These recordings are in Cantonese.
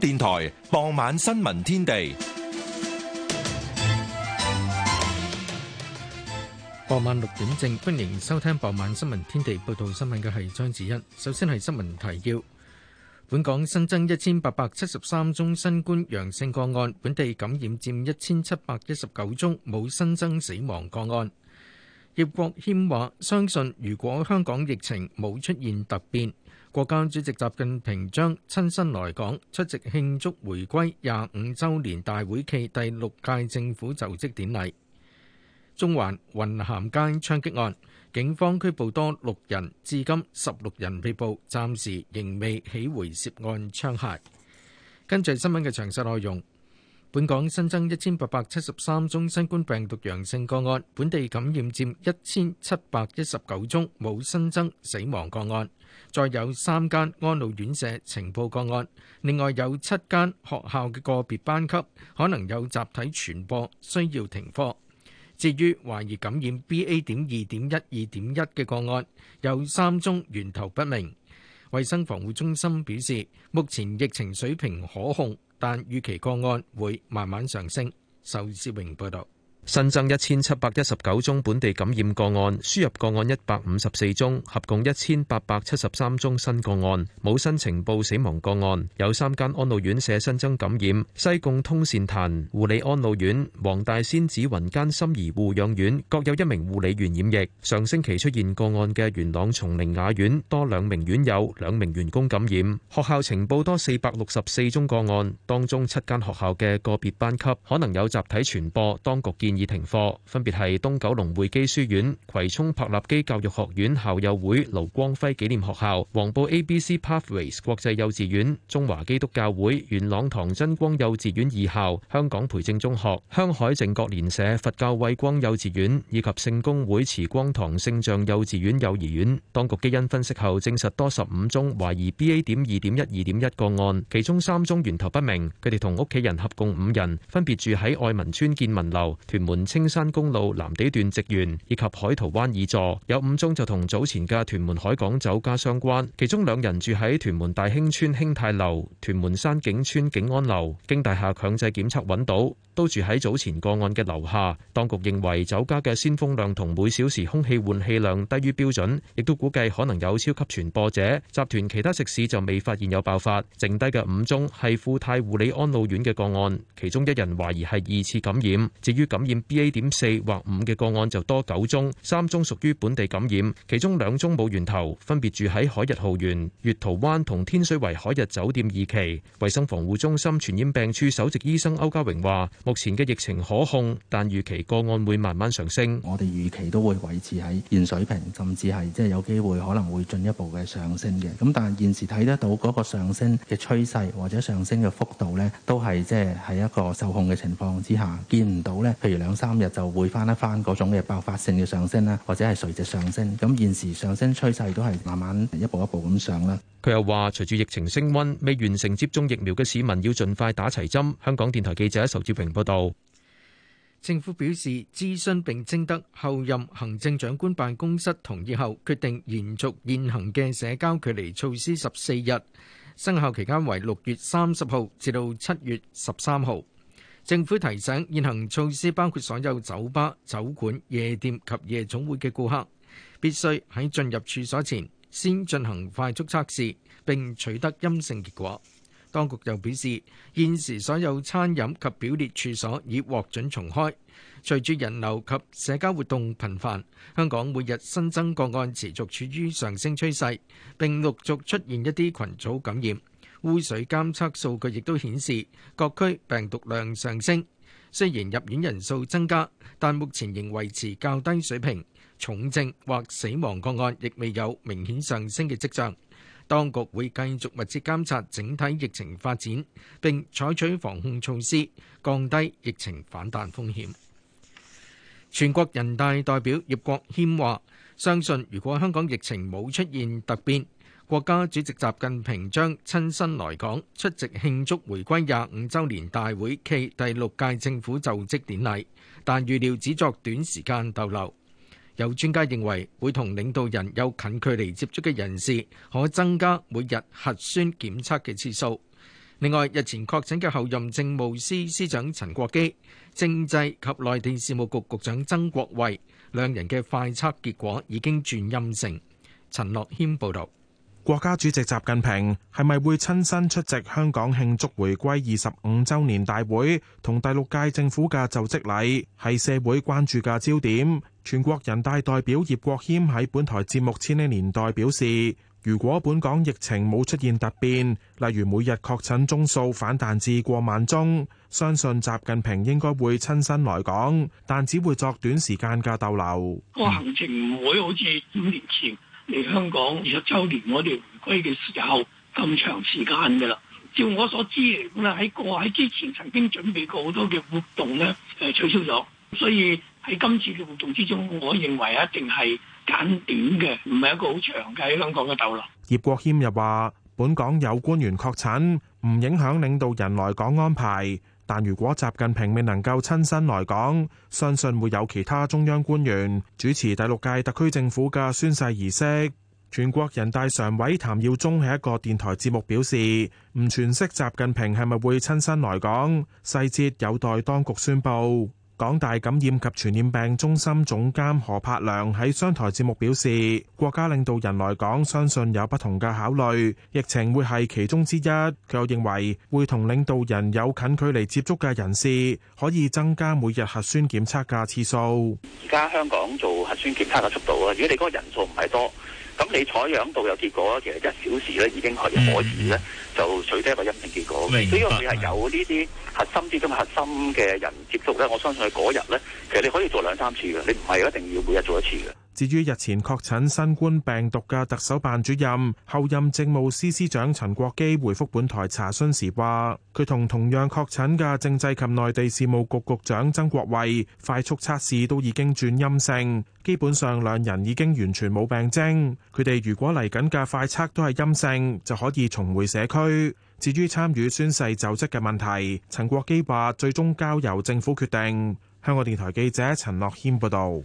電台傍晚新聞天地，傍晚六點正，歡迎收聽傍晚新聞天地。報道新聞嘅係張子欣。首先係新聞提要：本港新增一千八百七十三宗新冠陽性個案，本地感染佔一千七百一十九宗，冇新增死亡個案。葉國謙話，相信如果香港疫情冇出現突變。國家主席習近平將親身來港出席慶祝回歸廿五周年大會暨第六屆政府就職典禮。中環雲咸街槍擊案，警方拘捕多六人，至今十六人被捕，暫時仍未起回涉案槍械。跟住新聞嘅詳細內容，本港新增一千八百七十三宗新冠病毒陽性個案，本地感染佔一千七百一十九宗，冇新增死亡個案。再有三間安老院舍情報個案，另外有七間學校嘅個別班級可能有集體傳播，需要停課。至於懷疑感染 BA. 點二點一二點一嘅個案，有三宗源頭不明。衛生防護中心表示，目前疫情水平可控，但預期個案會慢慢上升。仇志榮報道。新增一千七百一十九宗本地感染個案，輸入個案一百五十四宗，合共一千八百七十三宗新個案，冇新呈報死亡個案。有三間安老院舍新增感染：西貢通善壇護理安老院、黃大仙紫雲間心怡護養院，各有一名護理員染疫。上星期出現個案嘅元朗松陵雅苑多兩名院友、兩名員工感染。學校呈報多四百六十四宗個案，當中七間學校嘅個別班級可能有集體傳播，當局建已停課，分別係東九龍匯基書院、葵涌柏立基教育學院校友會、盧光輝紀念學校、黃埔 A.B.C.Pathways 國際幼稚園、中華基督教會元朗堂真光幼稚園二校、香港培正中學、香海正覺蓮社佛教慧光幼稚園以及聖公會慈光堂聖象幼稚園幼兒園。當局基因分析後證實多十五宗懷疑 B.A. 點二點一、二點一個案，其中三宗源頭不明。佢哋同屋企人合共五人，分別住喺愛民村建民樓。屯門青山公路藍地段植園以及海濤灣二座有五宗，就同早前嘅屯門海港酒家相關，其中兩人住喺屯門大興村興泰樓、屯門山景村景安樓經大廈強制檢測揾到。都住喺早前個案嘅樓下，當局認為酒家嘅鮮風量同每小時空氣換氣量低於標準，亦都估計可能有超級傳播者。集團其他食肆就未發現有爆發，剩低嘅五宗係富泰護理安老院嘅個案，其中一人懷疑係二次感染。至於感染 B A 點四或五嘅個案就多九宗，三宗屬於本地感染，其中兩宗冇源頭，分別住喺海逸豪園、月桃灣同天水圍海逸酒店二期。衛生防護中心傳染病處首席醫生歐家榮話。目前嘅疫情可控，但預期個案會慢慢上升。我哋預期都會維持喺現水平，甚至係即係有機會可能會進一步嘅上升嘅。咁但係現時睇得到嗰個上升嘅趨勢或者上升嘅幅度咧，都係即係喺一個受控嘅情況之下，見唔到咧。譬如兩三日就會翻一翻嗰種嘅爆發性嘅上升啦，或者係垂直上升。咁現時上升趨勢都係慢慢一步一步咁上啦。佢又話隨住疫情升温，未完成接種疫苗嘅市民要盡快打齊針，香港電台記者仇志榮報道，政府表示諮詢並徵得後任行政長官辦公室同意後，決定延續現行嘅社交距離措施十四日。生效期間為六月三十號至到七月十三號。政府提醒，現行措施包括所有酒吧、酒館、夜店及夜總會嘅顧客必須喺進入處所前先進行快速測試，並取得陰性結果。當局又表示，現時所有餐飲及表列處所已獲准重開。隨住人流及社交活動頻繁，香港每日新增個案持續處於上升趨勢，並陸續出現一啲群組感染。污水監測數據亦都顯示各區病毒量上升。雖然入院人數增加，但目前仍維持較低水平，重症或死亡個案亦未有明顯上升嘅跡象。當局會繼續密切監察整體疫情發展，並採取防控措施，降低疫情反彈風險。全國人大代表葉國謙話：相信如果香港疫情冇出現突變，國家主席習近平將親身來港出席慶祝回歸廿五週年大會暨第六屆政府就職典禮，但預料只作短時間逗留。有專家認為，會同領導人有近距離接觸嘅人士，可增加每日核酸檢測嘅次數。另外，日前確診嘅候任政務司司長陳國基、政制及內地事務局局長曾國衛兩人嘅快測結果已經轉陰性。陳樂軒報導。國家主席習近平係咪會親身出席香港慶祝回歸二十五週年大會同第六屆政府嘅就職禮，係社會關注嘅焦點。全國人大代表葉國謙喺本台節目《千禧年代》表示，如果本港疫情冇出現突變，例如每日確診宗數反彈至過萬宗，相信習近平應該會親身來港，但只會作短時間嘅逗留。我行程唔會好似五年前嚟香港二十周年我哋回歸嘅時候咁長時間噶啦。照我所知嚟講咧，喺過喺之前曾經準備過好多嘅活動咧，誒取消咗，所以。喺今次嘅活動之中，我認為一定係簡短嘅，唔係一個好長嘅喺香港嘅逗留。葉國謙又話：本港有官員確診，唔影響領導人來港安排。但如果習近平未能夠親身來港，相信會有其他中央官員主持第六屆特區政府嘅宣誓儀式。全國人大常委譚耀宗喺一個電台節目表示，唔傳息習近平係咪會親身來港，細節有待當局宣佈。港大感染及傳染病中心總監何柏良喺商台節目表示，國家領導人來港，相信有不同嘅考慮，疫情會係其中之一。佢又認為會同領導人有近距離接觸嘅人士，可以增加每日核酸檢測嘅次數。而家，香港做核酸檢測嘅速度啊，如果你嗰個人數唔係多，咁你採樣到有結果，其實一小時咧已經係，可以咧。嗯就取得一個陰性結果，呢個係有呢啲核心之中核心嘅人接觸咧，我相信佢嗰日咧，其實你可以做兩三次嘅，你唔係一定要每日做一次嘅。至於日前確診新冠病毒嘅特首辦主任、候任政務司司長陳國基回覆本台查詢時話，佢同同樣確診嘅政制及內地事務局局長曾國衛快速測試都已經轉陰性，基本上兩人已經完全冇病徵。佢哋如果嚟緊嘅快測都係陰性，就可以重回社區。至於參與宣誓就職嘅問題，陳國基話最終交由政府決定。香港電台記者陳樂謙報道。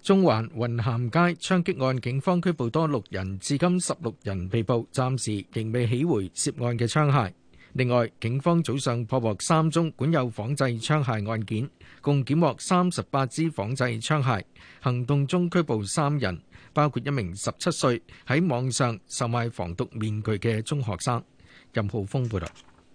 中環雲咸街槍擊案，警方拘捕多六人，至今十六人被捕，暫時仍未起回涉案嘅槍械。另外，警方早上破獲三宗管有仿製槍械案件，共檢獲三十八支仿製槍械，行動中拘捕三人，包括一名十七歲喺網上售賣防毒面具嘅中學生。任浩峰報道，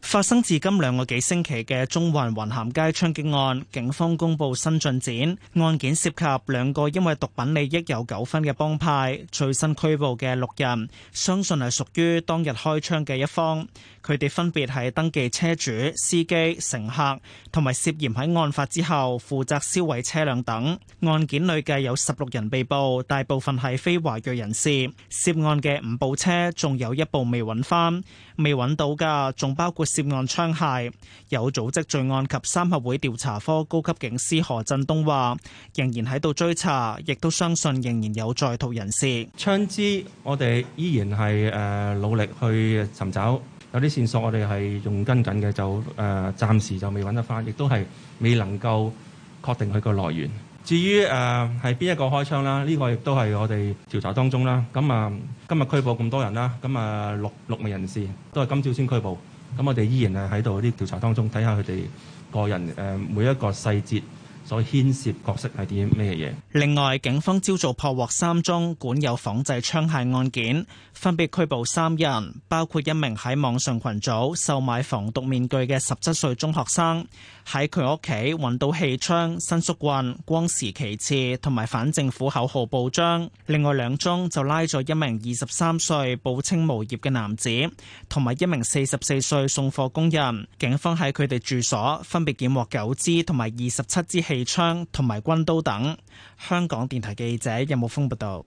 發生至今兩個幾星期嘅中環雲咸街槍擊案，警方公布新進展。案件涉及兩個因為毒品利益有糾紛嘅幫派，最新拘捕嘅六人，相信係屬於當日開槍嘅一方。佢哋分別係登記車主、司機、乘客，同埋涉嫌喺案發之後負責銷毀車輛等。案件累計有十六人被捕，大部分係非華裔人士。涉案嘅五部車，仲有一部未揾翻。未揾到㗎，仲包括涉案槍械。有組織罪案及三合會調查科高級警司何振東話：仍然喺度追查，亦都相信仍然有在逃人士。槍支我哋依然係誒努力去尋找，有啲線索我哋係用跟緊嘅，就誒暫時就未揾得返，亦都係未能夠確定佢個來源。至於誒係邊一個開槍啦？呢個亦都係我哋調查當中啦。咁啊，今日拘捕咁多人啦，咁啊六名人士都係今朝先拘捕。咁我哋依然係喺度啲調查當中，睇下佢哋個人、呃、每一個細節。所牽涉角色係啲咩嘢？另外，警方朝早破獲三宗管有仿製槍械案件，分別拘捕三人，包括一名喺網上群組售賣防毒面具嘅十七歲中學生，喺佢屋企揾到氣槍、伸縮棍、光時旗幟同埋反政府口號報章。另外兩宗就拉咗一名二十三歲報稱無業嘅男子，同埋一名四十四歲送貨工人。警方喺佢哋住所分別檢獲九支同埋二十七支氣。利昌同埋君都等。香港電台記者任木峰報道：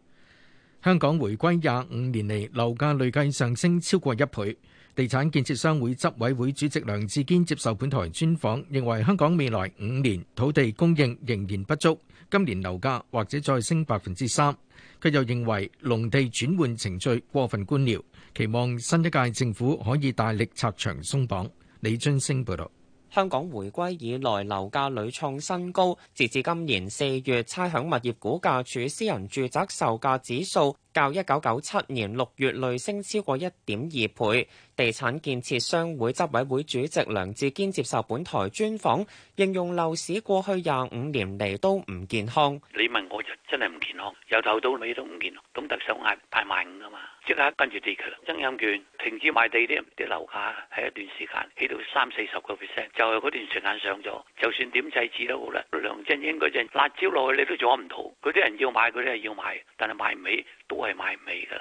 香港回歸廿五年嚟，樓價累計上升超過一倍。地產建設商會執委會主席梁志堅接受本台專訪，認為香港未來五年土地供應仍然不足，今年樓價或者再升百分之三。佢又認為農地轉換程序過分官僚，期望新一屆政府可以大力拆牆鬆綁。李津星報道。香港回歸以來樓價屢創新高，截至今年四月差餉物業估價署私人住宅售價指數，較一九九七年六月累升超過一點二倍，地產建設商會執委會主席梁志堅接受本台專訪，形容樓市過去廿五年嚟都唔健康。你問我就真係唔健康，由頭到尾都唔健康。董特首嗌大賣五啊嘛，即刻跟住地噶曾蔭權停止賣地啲，啲樓價喺一段時間起到三四十個 percent，就係、是、嗰段時間上咗。就算點制止都好啦，梁振英嗰陣辣椒落去你都阻唔到。嗰啲人要買，佢哋係要買，但係買唔起。都係買唔起噶。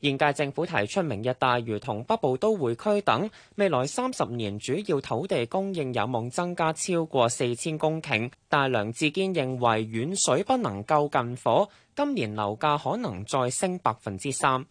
現屆政府提出明日大嶼同北部都會區等未來三十年主要土地供應有望增加超過四千公頃，但梁志堅認為遠水不能救近火，今年樓價可能再升百分之三。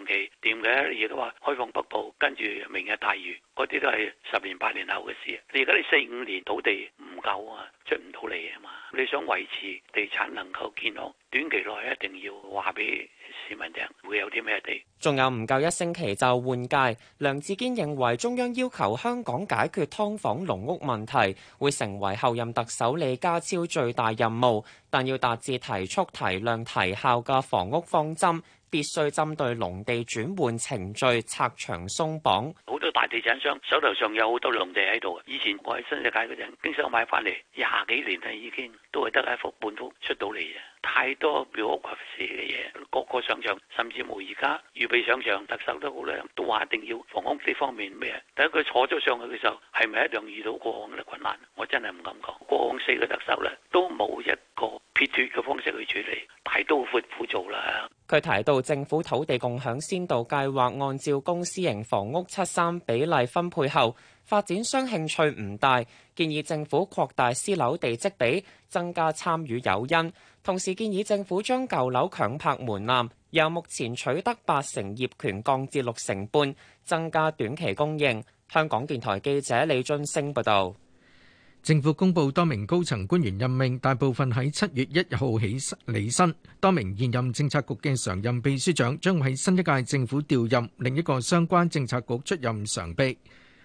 長期掂嘅，而家話開放北部，跟住明日大嶼，嗰啲都係十年、八年後嘅事。你而家你四五年土地唔夠啊，出唔到嚟啊嘛。你想維持地產能夠健康，短期內一定要話俾市民聽，會有啲咩地？仲有唔夠一星期就換屆，梁志堅認為中央要求香港解決劏房、籠屋問題，會成為後任特首李家超最大任務，但要達至提速、提量、提效嘅房屋方針。必須針對農地轉換程序拆牆鬆綁，好多大地產商手頭上有好多農地喺度。以前我喺新世界嗰陣，經常買翻嚟廿幾年啦，已經都係得一幅半幅出到嚟嘅。太多表屋及市嘅嘢，個個上場，甚至乎而家預備上場特首都好咧，都話一定要房屋。呢方面咩？等佢坐咗上去嘅時候，係咪一定遇到過往嘅困難？我真係唔敢講。過往四個特首咧，都冇一個撇脱嘅方式去處理，大刀闊斧做啦。佢提到。政府土地共享先導計劃按照公私型房屋七三比例分配後，發展商興趣唔大，建議政府擴大私樓地積比，增加參與誘因。同時建議政府將舊樓強拍門檻由目前取得八成業權降至六成半，增加短期供應。香港電台記者李津升報道。政府公布多名高層官員任命，大部分喺七月一號起履新。多名現任政策局嘅常任秘書長將會喺新一屆政府調任，另一個相關政策局出任常秘。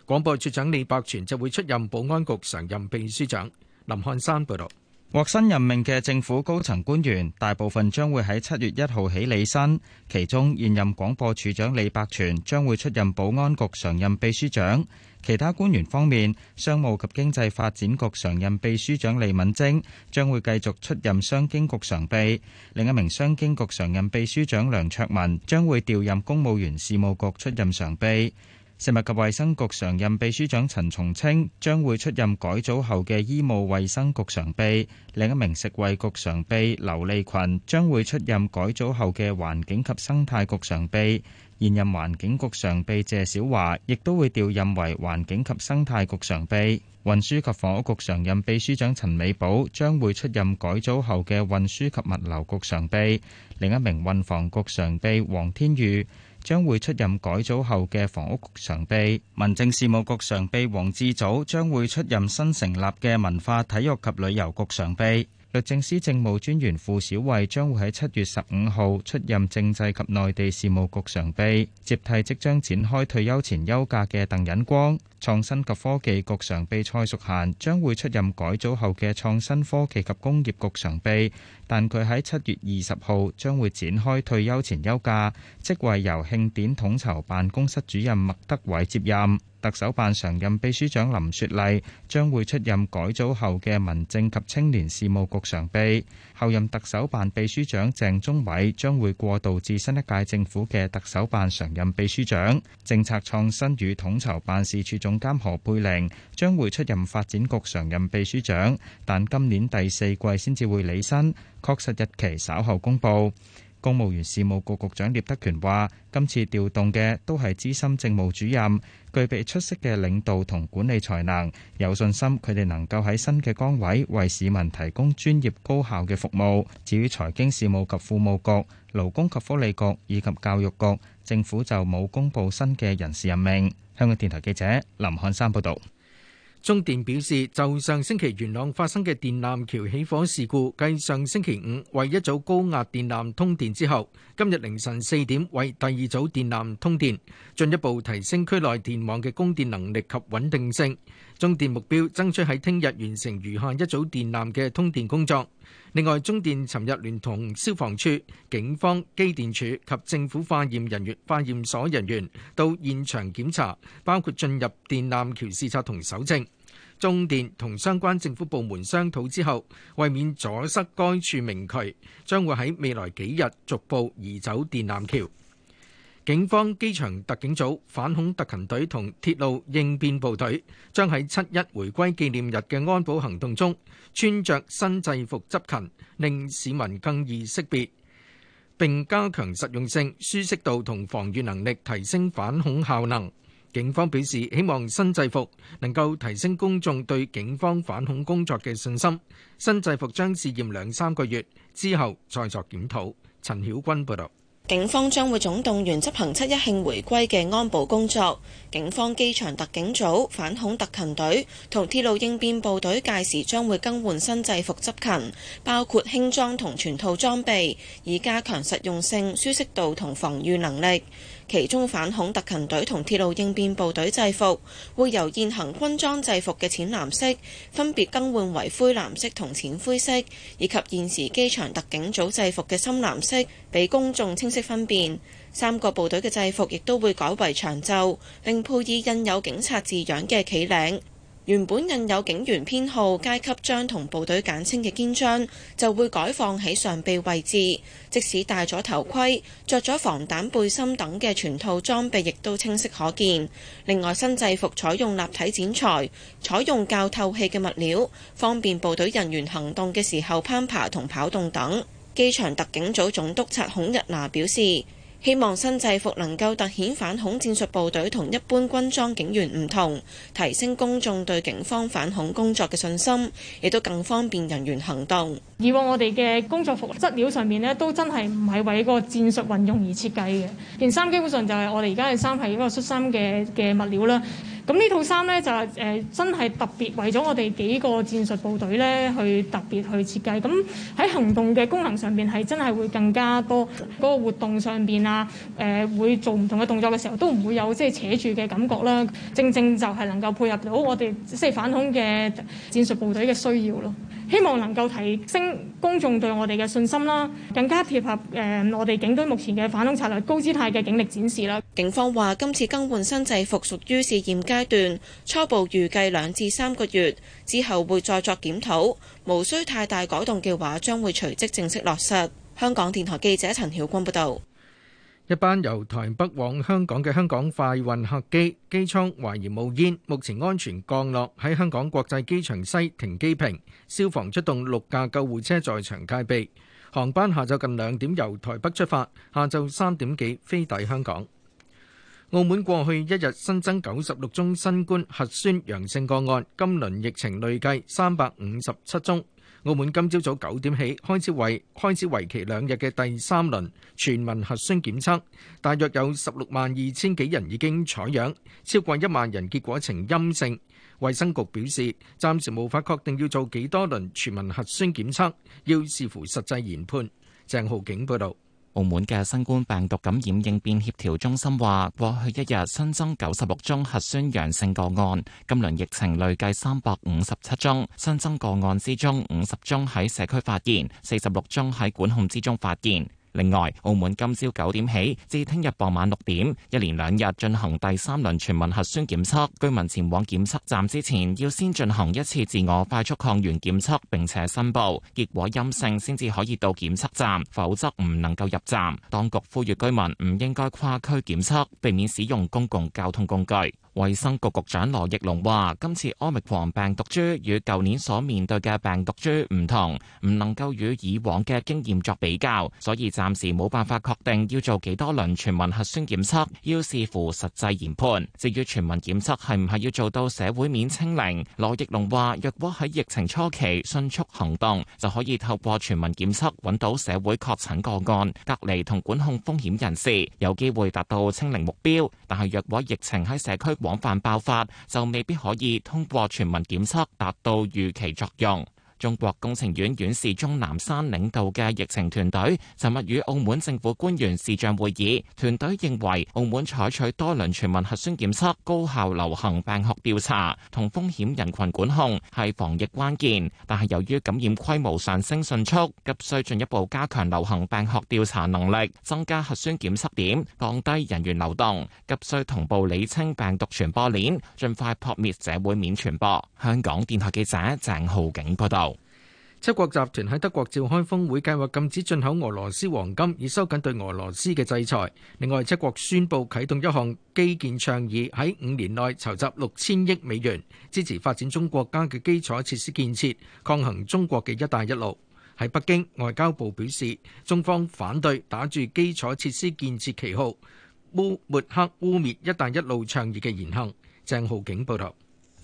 廣播處長李百全就會出任保安局常任秘書長。林漢山報道。獲新任命嘅政府高層官員，大部分將會喺七月一號起履新。其中現任廣播處長李百全將會出任保安局常任秘書長。其他官員方面，商務及經濟發展局常任秘書長李敏貞將會繼續出任商經局常秘。另一名商經局常任秘書長梁卓文將會調任公務員事務局出任常秘。食物及衛生局常任秘書長陳松清將會出任改組後嘅醫務衛生局常秘，另一名食衛局常秘劉利群將會出任改組後嘅環境及生態局常秘，現任環境局常秘謝小華亦都會調任為環境及生態局常秘，運輸及房屋局常任秘書長陳美寶將會出任改組後嘅運輸及物流局常秘，另一名運房局常秘黃天宇。將會出任改組後嘅房屋局常秘，民政事務局常秘黃志祖將會出任新成立嘅文化體育及旅遊局常秘。律政司政務專員傅小慧將會喺七月十五號出任政制及內地事務局常秘，接替即將展開退休前休假嘅鄧忍光。創新及科技局常秘蔡淑嫻將會出任改組後嘅創新科技及工業局常秘，但佢喺七月二十號將會展開退休前休假，職位由慶典統籌辦公室主任麥德偉接任。特首辦常任秘書長林雪麗將會出任改組後嘅民政及青年事務局常秘，後任特首辦秘書長鄭中偉將會過渡至新一屆政府嘅特首辦常任秘書長，政策創新與統籌辦事處總監何佩玲將會出任發展局常任秘書長，但今年第四季先至會履新，確實日期稍後公布。公務員事務局局長聶德權話,今次調動的都是資深政務主任,具備出色的領導同管理才能,有信心佢哋能夠喺新的崗位為市民提供專業高效的服務,至於財經事務及庫務局,勞工及福利局,以及教育局,政府就冇公布新的人事任命,香港電台記者林漢山報導。中電表示，就上星期元朗發生嘅電纜橋起火事故，繼上星期五為一組高壓電纜通電之後，今日凌晨四點為第二組電纜通電，進一步提升區內電網嘅供電能力及穩定性。中電目標，爭取喺聽日完成餘下一組電纜嘅通電工作。另外，中電尋日聯同消防處、警方、機電署及政府化驗人員、化驗所人員到現場檢查，包括進入電纜橋視察同搜證。中電同相關政府部門商討之後，為免阻塞該處明渠，將會喺未來幾日逐步移走電纜橋。警方機場特警組反恐特勤隊同鐵路應變部隊將喺七警方將會總動員執行七一慶回歸嘅安保工作。警方機場特警組、反恐特勤隊同鐵路應變部隊屆時將會更換新制服執勤，包括輕裝同全套裝備，以加強實用性、舒適度同防禦能力。其中反恐特勤隊同鐵路應變部隊制服會由現行軍裝制服嘅淺藍色，分別更換為灰藍色同淺灰色，以及現時機場特警組制服嘅深藍色，俾公眾清晰分辨。三個部隊嘅制服亦都會改為長袖，並配以印有警察字樣嘅企領。原本印有警員編號、階級章同部隊簡稱嘅肩章，就會改放喺上臂位置。即使戴咗頭盔、着咗防彈背心等嘅全套裝備，亦都清晰可見。另外，新制服採用立體剪裁，採用較透氣嘅物料，方便部隊人員行動嘅時候攀爬同跑動等。機場特警組總督察孔日娜表示，希望新制服能夠突顯反恐戰術部隊同一般軍裝警員唔同，提升公眾對警方反恐工作嘅信心，亦都更方便人員行動。以往我哋嘅工作服質料上面呢，都真係唔係為個戰術運用而設計嘅。件衫基本上就係我哋而家嘅衫，係一個恤衫嘅嘅物料啦。咁呢套衫咧就係誒、呃、真係特別為咗我哋幾個戰術部隊咧去特別去設計，咁、嗯、喺行動嘅功能上邊係真係會更加多、嗰個活動上邊啊誒會做唔同嘅動作嘅時候都唔會有即係扯住嘅感覺啦，正正就係能夠配合到我哋即係反恐嘅戰術部隊嘅需要咯，希望能夠提升公眾對我哋嘅信心啦，更加貼合誒、呃、我哋警隊目前嘅反恐策略、高姿態嘅警力展示啦。警方話今次更換新制服屬於是嚴格。階段初步預計兩至三個月之後會再作檢討，無需太大改動嘅話，將會隨即正式落實。香港電台記者陳曉君報道：一班由台北往香港嘅香港快運客機機艙懷疑冒煙，目前安全降落喺香港國際機場西停機坪，消防出動六架救護車在場戒備。航班下晝近兩點由台北出發，下晝三點幾飛抵香港。澳門過去一日新增九十六宗新冠核酸陽性個案，今輪疫情累計三百五十七宗。澳門今朝早九點起開始為開始為期兩日嘅第三輪全民核酸檢測，大約有十六萬二千幾人已經採樣，超過一萬人結果呈陰性。衛生局表示，暫時無法確定要做幾多輪全民核酸檢測，要視乎實際研判。鄭浩景報道。澳門嘅新冠病毒感染應變協調中心話，過去一日新增九十六宗核酸陽性個案，今輪疫情累計三百五十七宗。新增個案之中，五十宗喺社區發現，四十六宗喺管控之中發現。另外，澳門今朝九點起至聽日傍晚六點，一連兩日進行第三輪全民核酸檢測。居民前往檢測站之前，要先進行一次自我快速抗原檢測並且申報結果陰性，先至可以到檢測站，否則唔能夠入站。當局呼籲居民唔應該跨區檢測，避免使用公共交通工具。衛生局局長羅奕龍話：今次 Omicron 病毒株與舊年所面對嘅病毒株唔同，唔能夠與以往嘅經驗作比較，所以暫時冇辦法確定要做幾多輪全民核酸檢測，要視乎實際研判。至於全民檢測係唔係要做到社會面清零，羅奕龍話：若果喺疫情初期迅速行動，就可以透過全民檢測揾到社會確診個案，隔離同管控風險人士，有機會達到清零目標。但係若果疫情喺社區，廣泛爆發，就未必可以通過全民檢測達到預期作用。中國工程院院士鍾南山領導嘅疫情團隊尋日與澳門政府官員視像會議，團隊認為澳門採取多輪全民核酸檢測、高效流行病學調查同風險人群管控係防疫關鍵，但係由於感染規模上升迅速，急需進一步加強流行病學調查能力，增加核酸檢測點，降低人員流動，急需同步理清病毒傳播鏈，盡快撲滅社會面傳播。香港電台記者鄭浩景報道。七國集團喺德國召開峰會，計劃禁止進口俄羅斯黃金，以收緊對俄羅斯嘅制裁。另外，七國宣布啟動一項基建倡議，喺五年內籌集六千億美元，支持發展中國家嘅基礎設施建設，抗衡中國嘅「一帶一路」。喺北京，外交部表示，中方反對打着基礎設施建設旗號，污抹黑污蔑「一帶一路」倡議嘅言行。鄭浩景報導。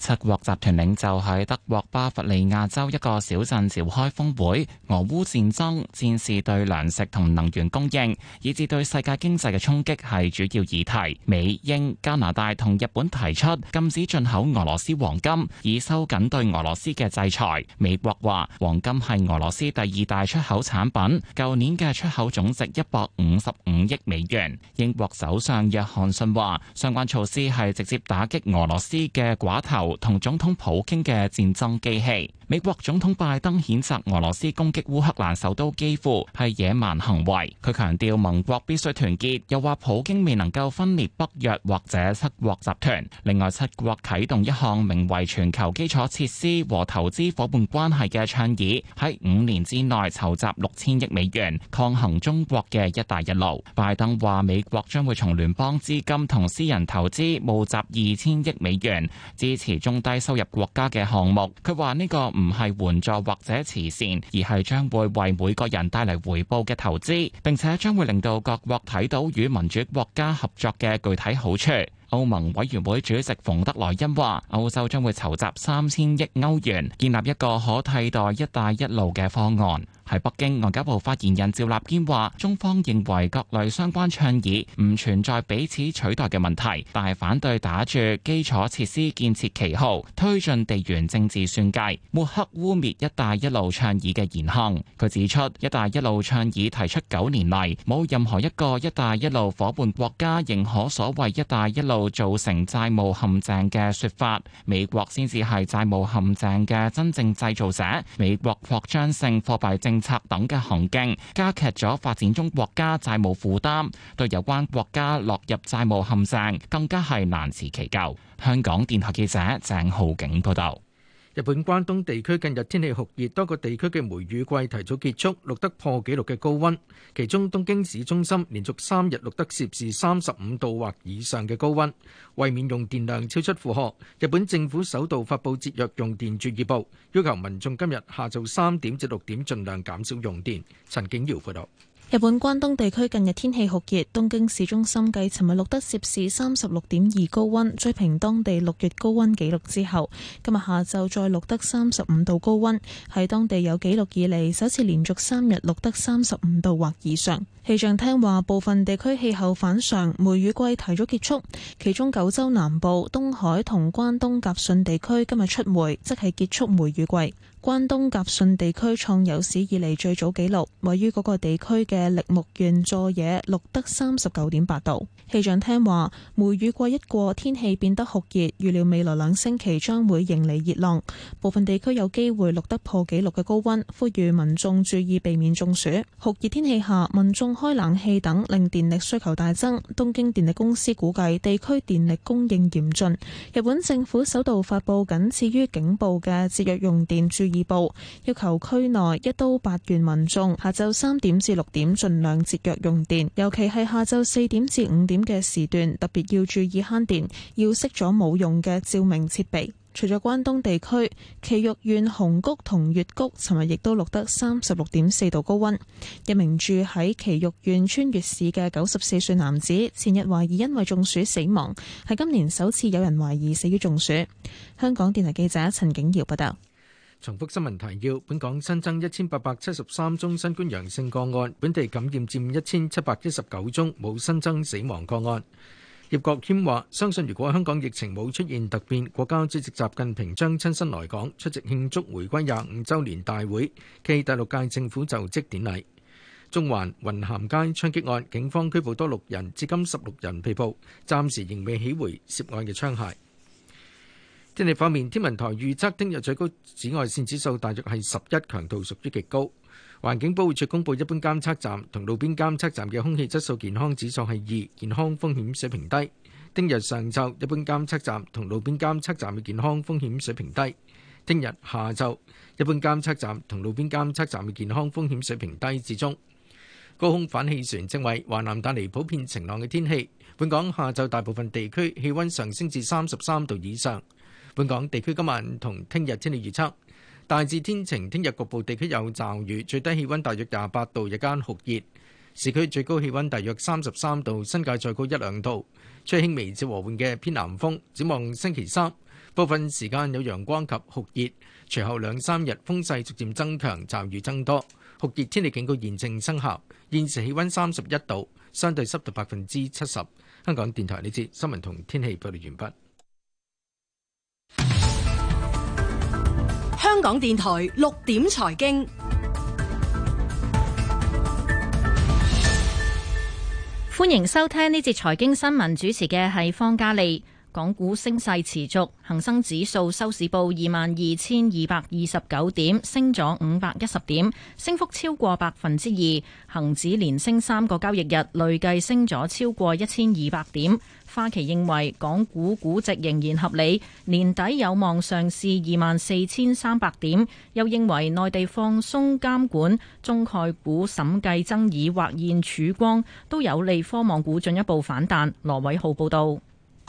七國集團領袖喺德國巴伐利亞州一個小鎮召開峰會，俄烏戰、戰爭、戰事對糧食同能源供應，以至對世界經濟嘅衝擊係主要議題。美英加拿大同日本提出禁止進口俄羅斯黃金，以收緊對俄羅斯嘅制裁。美國話黃金係俄羅斯第二大出口產品，舊年嘅出口總值一百五十五億美元。英國首相約翰遜話相關措施係直接打擊俄羅斯嘅寡頭，同總統普京嘅戰爭機器。美國總統拜登譴責俄羅斯攻擊烏克蘭首都，幾乎係野蠻行為。佢強調盟國必須團結，又話普京未能夠分裂北約或者七國集團。另外，七國啟動一項名為全球基礎設施和投資夥伴關係嘅倡議，喺五年之內籌集六千億美元抗衡中國嘅“一帶一路”。拜登話美國將會從聯邦資金同私人投資募集二千億美元，支持中低收入國家嘅項目。佢話呢個。唔係援助或者慈善，而係將會為每個人帶嚟回報嘅投資，並且將會令到各國睇到與民主國家合作嘅具體好處。歐盟委員會主席馮德萊恩話，歐洲將會籌集三千億歐元，建立一個可替代一帶一路嘅方案。喺北京外交部發言人趙立堅話，中方認為各類相關倡議唔存在彼此取代嘅問題，但係反對打住基礎設施建設旗號推進地緣政治算計、抹黑污蔑“一帶一路”倡議嘅言行。佢指出，“一帶一路”倡議提出九年嚟，冇任何一個“一帶一路”伙伴國家認可所謂“一帶一路”造成債務陷阱嘅說法，美國先至係債務陷阱嘅真正製造者。美國擴張性貨幣政策等嘅行徑，加劇咗發展中國家債務負擔，對有關國家落入債務陷阱，更加係難辭其咎。香港電台記者鄭浩景報道。日本關東地區近日天氣酷熱，多個地區嘅梅雨季提早結束，錄得破紀錄嘅高溫。其中東京市中心連續三日錄得攝氏三十五度或以上嘅高溫。為免用電量超出負荷，日本政府首度發布節約用電注意報，要求民眾今日下晝三點至六點盡量減少用電。陳景耀報導。日本關東地區近日天氣酷熱，東京市中心繼尋日錄得攝氏三十六點二高温，追平當地六月高温紀錄之後，今日下晝再錄得三十五度高温，喺當地有記錄以嚟首次連續三日錄得三十五度或以上。氣象廳話，部分地區氣候反常，梅雨季提早結束，其中九州南部、東海同關東甲信地區今日出梅，即係結束梅雨季。關東甲信地區創有史以嚟最早紀錄，位於嗰個地區嘅栃木縣佐野錄得三十九點八度。氣象廳話梅雨季一過，天氣變得酷熱，預料未來兩星期將會迎嚟熱浪，部分地區有機會錄得破紀錄嘅高温，呼籲民眾注意避免中暑。酷熱天氣下，民眾開冷氣等令電力需求大增，東京電力公司估計地區電力供應嚴峻。日本政府首度發布僅次於警報嘅節約用電注。二部要求區內一都八縣民眾下晝三點至六點盡量節約用電，尤其係下晝四點至五點嘅時段，特別要注意慳電，要熄咗冇用嘅照明設備。除咗關東地區，埼玉縣紅谷同月谷尋日亦都錄得三十六點四度高溫。一名住喺埼玉縣川越市嘅九十四歲男子前日懷疑因為中暑死亡，係今年首次有人懷疑死於中暑。香港電台記者陳景瑤報道。重複新聞提要：本港新增一千八百七十三宗新冠陽性個案，本地感染佔一千七百一十九宗，冇新增死亡個案。葉國謙話：相信如果香港疫情冇出現突變，國家主席習近平將親身來港出席慶祝回歸廿五週年大會暨第六屆政府就職典禮。中環雲咸街槍擊案，警方拘捕多六人，至今十六人被捕，暫時仍未起回涉案嘅槍械。天氣方面，天文台預測聽日最高紫外線指數大約係十一，強度屬於極高。環境保護署公布，一般監測站同路邊監測站嘅空氣質素健康指數係二，健康風險水平低。聽日上晝，一般監測站同路邊監測站嘅健康風險水平低。聽日下晝，一般監測站同路邊監測站嘅健康風險水平低至中。高空反氣旋正為華南帶嚟普遍晴朗嘅天氣。本港下晝大部分地區氣温上升至三十三度以上。本港地區今晚同聽日天氣預測，大致天晴。聽日局部地區有驟雨，最低氣温大約廿八度，日間酷熱。市區最高氣温大約三十三度，新界再高一兩度。吹輕微至和緩嘅偏南風。展望星期三，部分時間有陽光及酷熱，隨後兩三日風勢逐漸增強，驟雨增多，酷熱天氣警告現正生效。現時氣温三十一度，相對濕度百分之七十。香港電台呢節新聞同天氣報道完畢。香港電台六點財經，歡迎收聽呢節財經新聞，主持嘅係方嘉莉。港股升勢持續，恒生指數收市報二萬二千二百二十九點，升咗五百一十點，升幅超過百分之二。恒指連升三個交易日，累計升咗超過一千二百點。花旗認為港股估值仍然合理，年底有望上市二萬四千三百點。又認為內地放鬆監管、中概股審計爭，爭議或現曙光，都有利科網股進一步反彈。羅偉浩報道。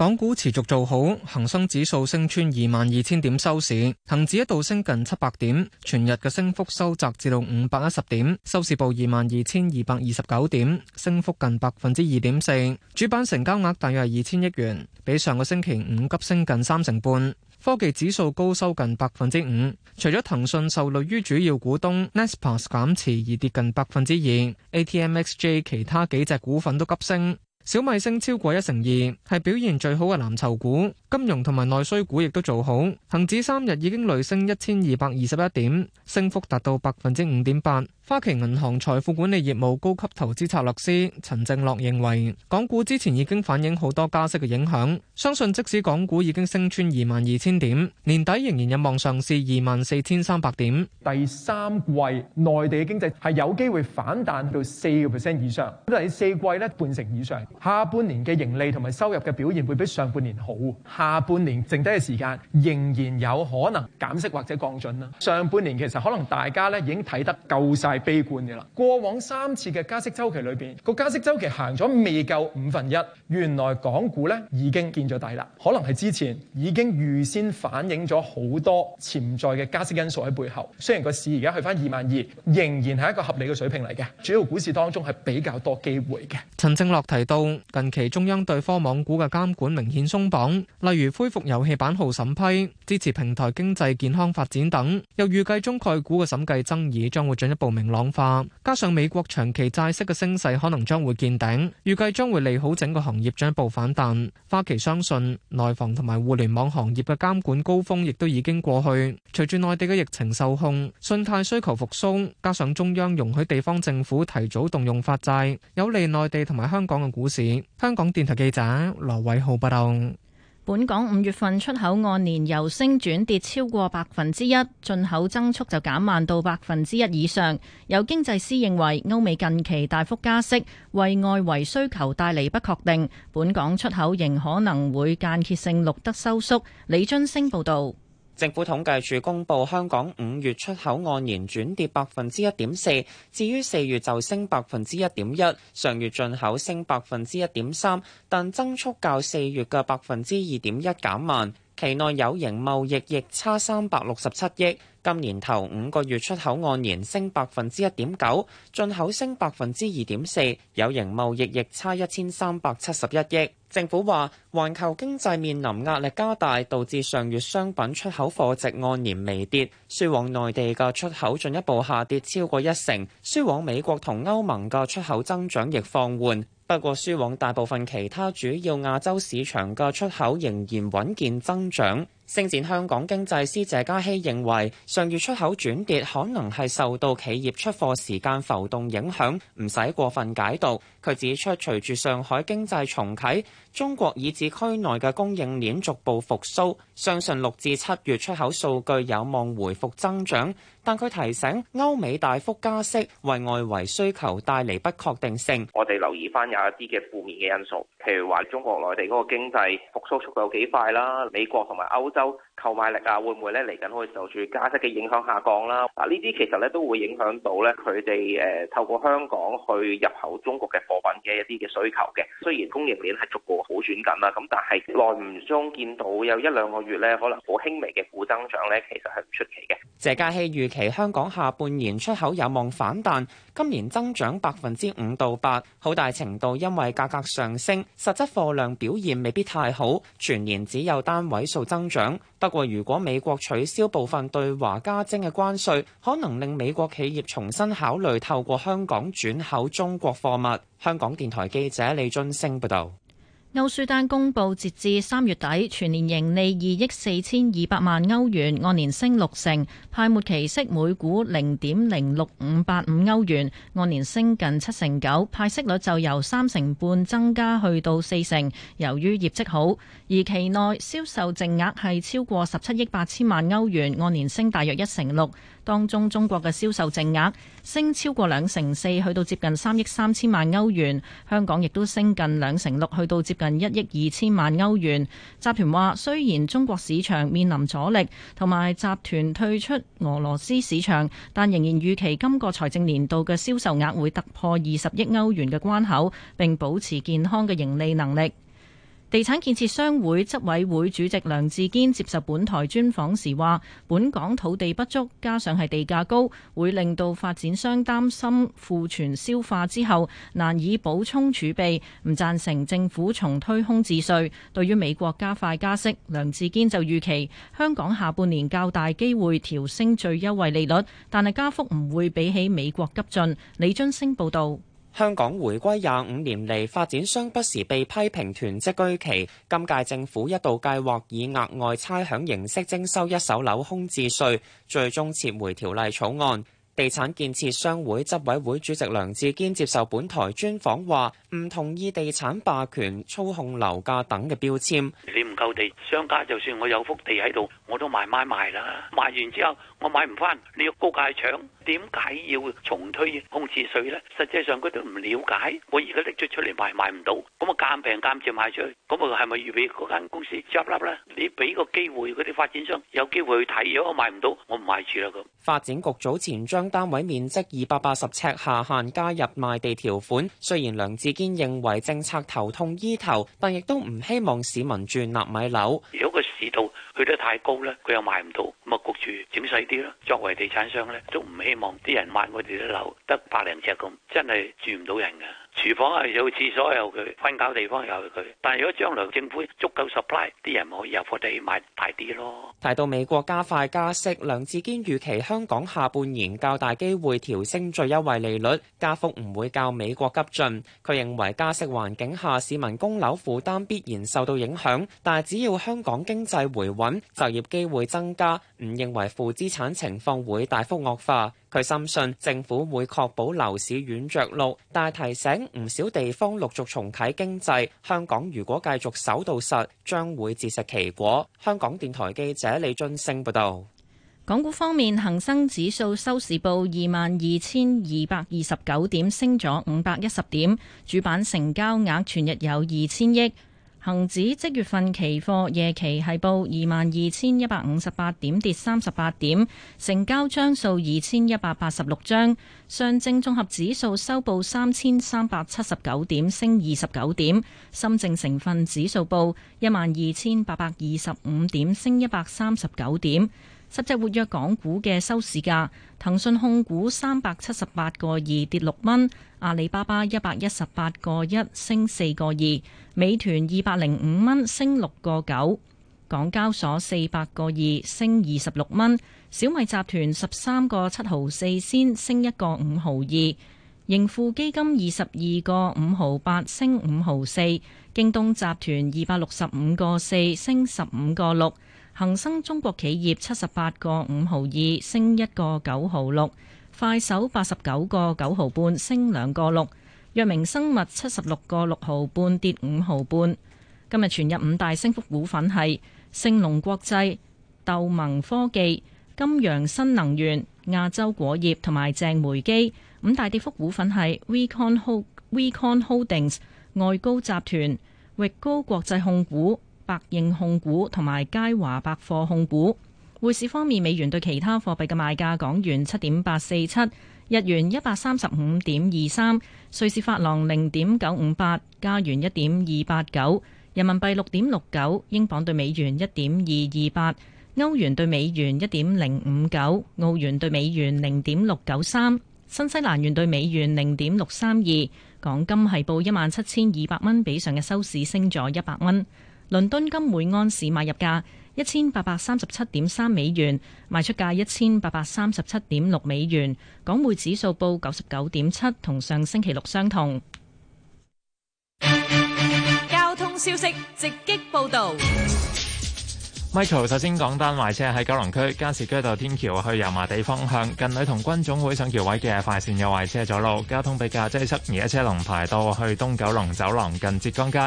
港股持續做好，恒生指數升穿二萬二千點收市，恒指一度升近七百點，全日嘅升幅收窄至到五百一十點，收市報二萬二千二百二十九點，升幅近百分之二點四。主板成交額大約係二千億元，比上個星期五急升近三成半。科技指數高收近百分之五，除咗騰訊受累於主要股東 Naspers 減持而跌近百分之二，ATMXJ 其他幾隻股份都急升。小米升超過一成二，係表現最好嘅藍籌股。金融同埋內需股亦都做好，恒指三日已經累升一千二百二十一點，升幅達到百分之五點八。花旗銀行財富管理業務高級投資策略師陳正樂認為，港股之前已經反映好多加息嘅影響，相信即使港股已經升穿二萬二千點，年底仍然有望上市二萬四千三百點。第三季內地嘅經濟係有機會反彈到四個 percent 以上，第四季咧，半成以上。下半年嘅盈利同埋收入嘅表現會比上半年好，下半年剩低嘅時間仍然有可能減息或者降準啦。上半年其實可能大家咧已經睇得夠晒，係悲觀嘅啦。過往三次嘅加息周期裏邊，個加息周期行咗未夠五分一，原來港股咧已經見咗底啦。可能係之前已經預先反映咗好多潛在嘅加息因素喺背後。雖然個市而家去翻二萬二，仍然係一個合理嘅水平嚟嘅。主要股市當中係比較多機會嘅。陳正樂提到，近期中央對方網股嘅監管明顯鬆綁，例如恢復遊戲版號審批、支持平台經濟健康發展等，又預計中概股嘅審計爭議將會進一步明明朗化，加上美國長期債息嘅升勢可能將會見頂，預計將會利好整個行業，進一步反彈。花旗相信，內房同埋互聯網行業嘅監管高峰亦都已經過去。隨住內地嘅疫情受控，信貸需求復蘇，加上中央容許地方政府提早動用發債，有利內地同埋香港嘅股市。香港電台記者羅偉浩報道。本港五月份出口按年由升轉跌超過百分之一，進口增速就減慢到百分之一以上。有經濟師認為，歐美近期大幅加息，為外圍需求帶嚟不確定，本港出口仍可能會間歇性錄得收縮。李津升報道。政府統計處公布香港五月出口按年轉跌百分之一點四，至於四月就升百分之一點一，上月進口升百分之一點三，但增速較四月嘅百分之二點一減慢。期內有形貿易逆差三百六十七億，今年頭五個月出口按年升百分之一點九，進口升百分之二點四，有形貿易逆差一千三百七十一億。政府話，環球經濟面臨壓力加大，導致上月商品出口貨值按年微跌，輸往內地嘅出口進一步下跌超過一成，輸往美國同歐盟嘅出口增長亦放緩。不過，輸往大部分其他主要亞洲市場嘅出口仍然穩健增長。星展香港經濟師謝嘉熙認為，上月出口轉跌可能係受到企業出貨時間浮動影響，唔使過分解讀。佢指出，隨住上海經濟重啟，中國以至區內嘅供應鏈逐步復甦，相信六至七月出口數據有望回復增長。但佢提醒，歐美大幅加息為外圍需求帶嚟不確定性。我哋留意翻有一啲嘅負面嘅因素，譬如話中國內地嗰個經濟復甦速度有幾快啦，美國同埋歐洲。購買力啊，會唔會咧嚟緊會受住加息嘅影響下降啦？嗱、啊，呢啲其實咧都會影響到咧佢哋誒透過香港去入口中國嘅貨品嘅一啲嘅需求嘅。雖然供應鏈係逐步好轉緊啦，咁但係耐唔中見到有一兩個月咧，可能好輕微嘅負增長咧，其實係唔出奇嘅。謝家慶預期香港下半年出口有望反彈。今年增長百分之五到八，好大程度因為價格上升，實質貨量表現未必太好，全年只有單位數增長。不過，如果美國取消部分對華加徵嘅關稅，可能令美國企業重新考慮透過香港轉口中國貨物。香港電台記者李俊升報導。歐舒丹公布截至三月底全年盈利二億四千二百萬歐元，按年升六成，派末期息每股零點零六五八五歐元，按年升近七成九，派息率就由三成半增加去到四成。由於業績好，而期內銷售淨額係超過十七億八千萬歐元，按年升大約一成六。當中中國嘅銷售淨額升超過兩成四，去到接近三億三千萬歐元，香港亦都升近兩成六，去到接近。1> 近一億二千萬歐元。集團話，雖然中國市場面臨阻力，同埋集團退出俄羅斯市場，但仍然預期今個財政年度嘅銷售額會突破二十億歐元嘅關口，並保持健康嘅盈利能力。地產建設商會執委會主席梁志堅接受本台專訪時話，本港土地不足，加上係地價高，會令到發展商擔心庫存消化之後難以補充儲備，唔贊成政府重推空置稅。對於美國加快加息，梁志堅就預期香港下半年較大機會調升最優惠利率，但係加幅唔會比起美國急進。李津升報道。香港回歸廿五年嚟，發展商不時被批評囤積居奇。今屆政府一度計劃以額外差餉形式徵收一手樓空置稅，最終撤回條例草案。地產建設商會執委會主席梁志堅接受本台專訪話：唔同意地產霸權操控樓價等嘅標籤。你唔夠地，商家，就算我有幅地喺度，我都賣賣賣啦。賣完之後，我買唔翻，你要高價搶，點解要重推空置稅呢？實際上佢都唔了解。我而家拎咗出嚟賣，賣唔到，咁我賤平賤賤賣出去，咁我係咪預備嗰間公司執笠呢？你俾個機會嗰啲發展商有機會去睇，如果我賣唔到，我唔賣住啦。咁發展局早前將。將單位面積二百八十尺下限加入賣地條款，雖然梁志堅認為政策頭痛醫頭，但亦都唔希望市民住納米樓。如果個市道去得太高咧，佢又賣唔到。咪焗住整細啲咯，作為地產商咧，都唔希望啲人買我哋啲樓得百零尺咁，真係住唔到人嘅。廚房係有廁所，廁所有佢，瞓覺地方有佢。但係如果將來政府足夠 supply，啲人可以入我哋買大啲咯。提到美國加快加息，梁志堅預期香港下半年較大機會調升最優惠利率，加幅唔會較美國急進。佢認為加息環境下，市民供樓負擔必然受到影響，但係只要香港經濟回穩，就業機會增加。唔認為負資產情況會大幅惡化，佢深信政府會確保樓市軟着陸，但提醒唔少地方陸續重啟經濟，香港如果繼續守到實，將會自食其果。香港電台記者李俊星報道：港股方面，恒生指數收市報二萬二千二百二十九點，升咗五百一十點，主板成交額全日有二千億。恒指即月份期貨夜期係報二萬二千一百五十八點，跌三十八點，成交張數二千一百八十六張。上證綜合指數收報三千三百七十九點，升二十九點。深證成分指數報一萬二千八百二十五點，升一百三十九點。十隻活躍港股嘅收市價：騰訊控股三百七十八個二跌六蚊，阿里巴巴一百一十八個一升四個二，美團二百零五蚊升六個九，港交所四百個二升二十六蚊，小米集團十三個七毫四先升一個五毫二，盈富基金二十二個五毫八升五毫四，京東集團二百六十五個四升十五個六。恒生中國企業七十八個五毫二升一個九毫六，快手八十九個九毫半升兩個六，藥明生物七十六個六毫半跌五毫半。今日全日五大升幅股份係盛隆國際、斗盟科技、金陽新能源、亞洲果業同埋正梅基。五大跌幅股份係 Wecon Hold Wecon Holdings、外高集團、域高國際控股、百應控股同埋佳華百貨控股。匯市方面，美元對其他貨幣嘅賣價：港元七點八四七，日元一百三十五點二三，瑞士法郎零點九五八，加元一點二八九，人民幣六點六九，英鎊對美元一點二二八，歐元對美元一點零五九，澳元對美元零點六九三，新西蘭元對美元零點六三二。港金係報一萬七千二百蚊，比上嘅收市升咗一百蚊。倫敦金每安士買入價一千八百三十七點三美元，賣出價一千八百三十七點六美元。港匯指數報九十九點七，同上星期六相同。交通消息直擊報道。Michael 首先講單壞車喺九龍區加士居道天橋去油麻地方向，近女童軍總會上橋位嘅快線有壞車阻路，交通比較擠塞，而家車龍排到去東九龍走廊近浙江街。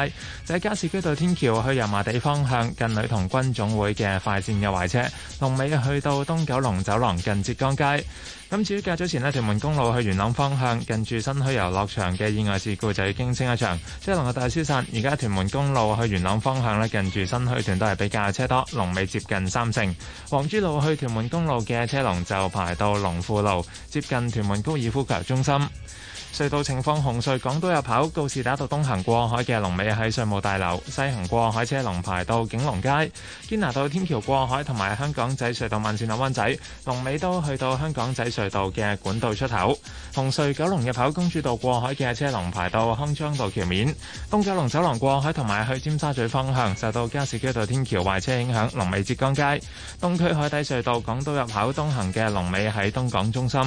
就喺加士居道天橋去油麻地方向，近女童軍總會嘅快線有壞車，龍尾去到東九龍走廊近浙江街。咁至於較早前呢，屯門公路去元朗方向，近住新墟遊樂場嘅意外事故就已經清一場，車龍嘅大消散。而家屯門公路去元朗方向呢，近住新墟段都係比較車多。龍尾接近三成，黃珠路去屯門公路嘅車龍就排到龍富路，接近屯門高爾夫球中心。隧道情況：紅隧港島入口告士打道東行過海嘅龍尾喺稅務大樓；西行過海車龍排到景隆街。堅拿道天橋過海同埋香港仔隧道慢線入灣仔龍尾都去到香港仔隧道嘅管道出口。紅隧九龍入口公主道過海嘅車龍排到康莊道橋面。東九龍走廊過海同埋去尖沙咀方向，受到加士居道天橋壞車影響，龍尾浙江街。東區海底隧道港島入口東行嘅龍尾喺東港中心。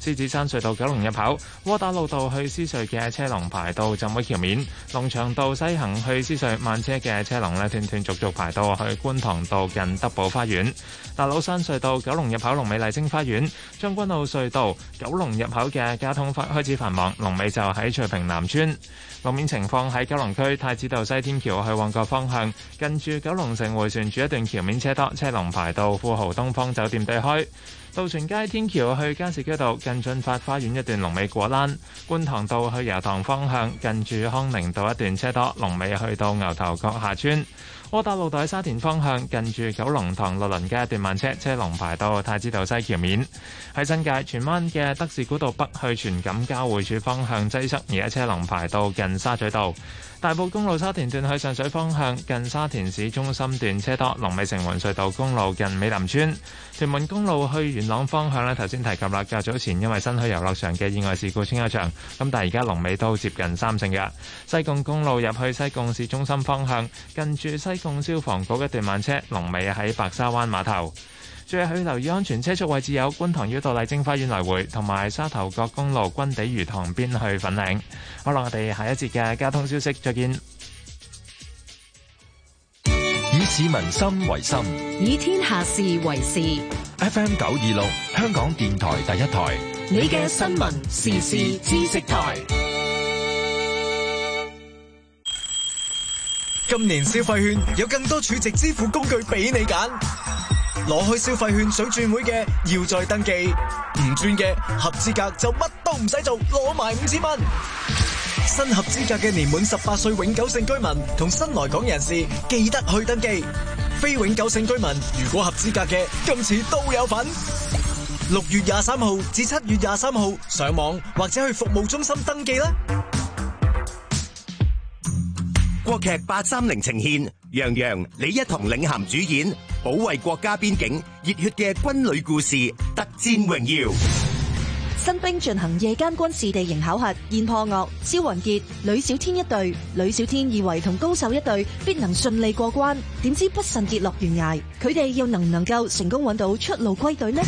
獅子山隧道九龍入口，窩打老道去獅隧嘅車龍排到浸會橋面；龍翔道西行去獅隧慢車嘅車龍咧，斷斷續續排到去觀塘道近德寶花園。大老山隧道九龍入口龍尾麗晶花園，將軍澳隧道九龍入口嘅交通發開始繁忙，龍尾就喺翠屏南村。路面情況喺九龍區太子道西天橋去旺角方向，近住九龍城迴旋處一段橋面車多，車龍排到富豪東方酒店對開。渡船街天橋去加士居道，近駿發花園一段，龍尾果欄。觀塘道去油塘方向近住康寧道一段車多，龍尾去到牛頭角下村。窩打老道去沙田方向近住九龍塘六輪街一段慢車，車龍排到太子道西橋面。喺新界荃灣嘅德士古道北去荃錦交匯處方向擠塞，而家車龍排到近沙咀道。大埔公路沙田段去上水方向，近沙田市中心段車多；龍尾城門隧道公路近美林村；屯門公路去元朗方向呢，頭先提及啦，較早前因為新墟遊樂場嘅意外事故清一場，穿插長，咁但係而家龍尾都接近三成嘅。西貢公路入去西貢市中心方向，近住西貢消防局一段慢車，龍尾喺白沙灣碼頭。最後要留意安全車速位置，有觀塘繞道麗晶花園來迴，同埋沙頭角公路軍地魚塘邊去粉嶺。好啦，我哋下一節嘅交通消息，再見。以市民心為心，以天下事為事。FM 九二六，香港電台第一台，你嘅新聞時事知識台。今年消費券有更多儲值支付工具俾你揀，攞去消費券想轉會嘅要再登記，唔轉嘅合資格就乜都唔使做，攞埋五千蚊。新合資格嘅年滿十八歲永久性居民同新來港人士記得去登記，非永久性居民如果合資格嘅今次都有份。六月廿三號至七月廿三號上網或者去服務中心登記啦。國劇八三零呈現楊洋、李一桐領銜主演，保衛國家邊境熱血嘅軍旅故事《特戰榮耀》。新兵進行夜間軍事地形考核，現破惡、肖雲杰、呂小天一隊，呂小天以為同高手一隊必能順利過關，點知不慎跌落懸崖，佢哋又能唔能夠成功揾到出路歸隊呢？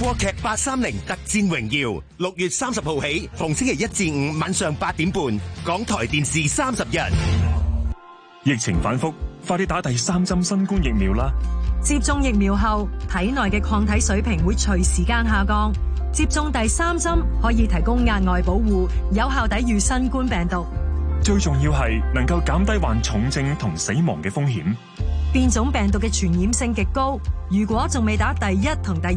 國劇八三零《特戰榮耀》六月三十號起，逢星期一至五晚上八點半，港台電視三十日。疫情反覆，快啲打第三針新冠疫苗啦！接種疫苗後，體內嘅抗體水平會隨時間下降。接種第三針可以提供額外保護，有效抵禦新冠病毒。最重要係能夠減低患重症同死亡嘅風險。變種病毒嘅傳染性極高，如果仲未打第一同第二。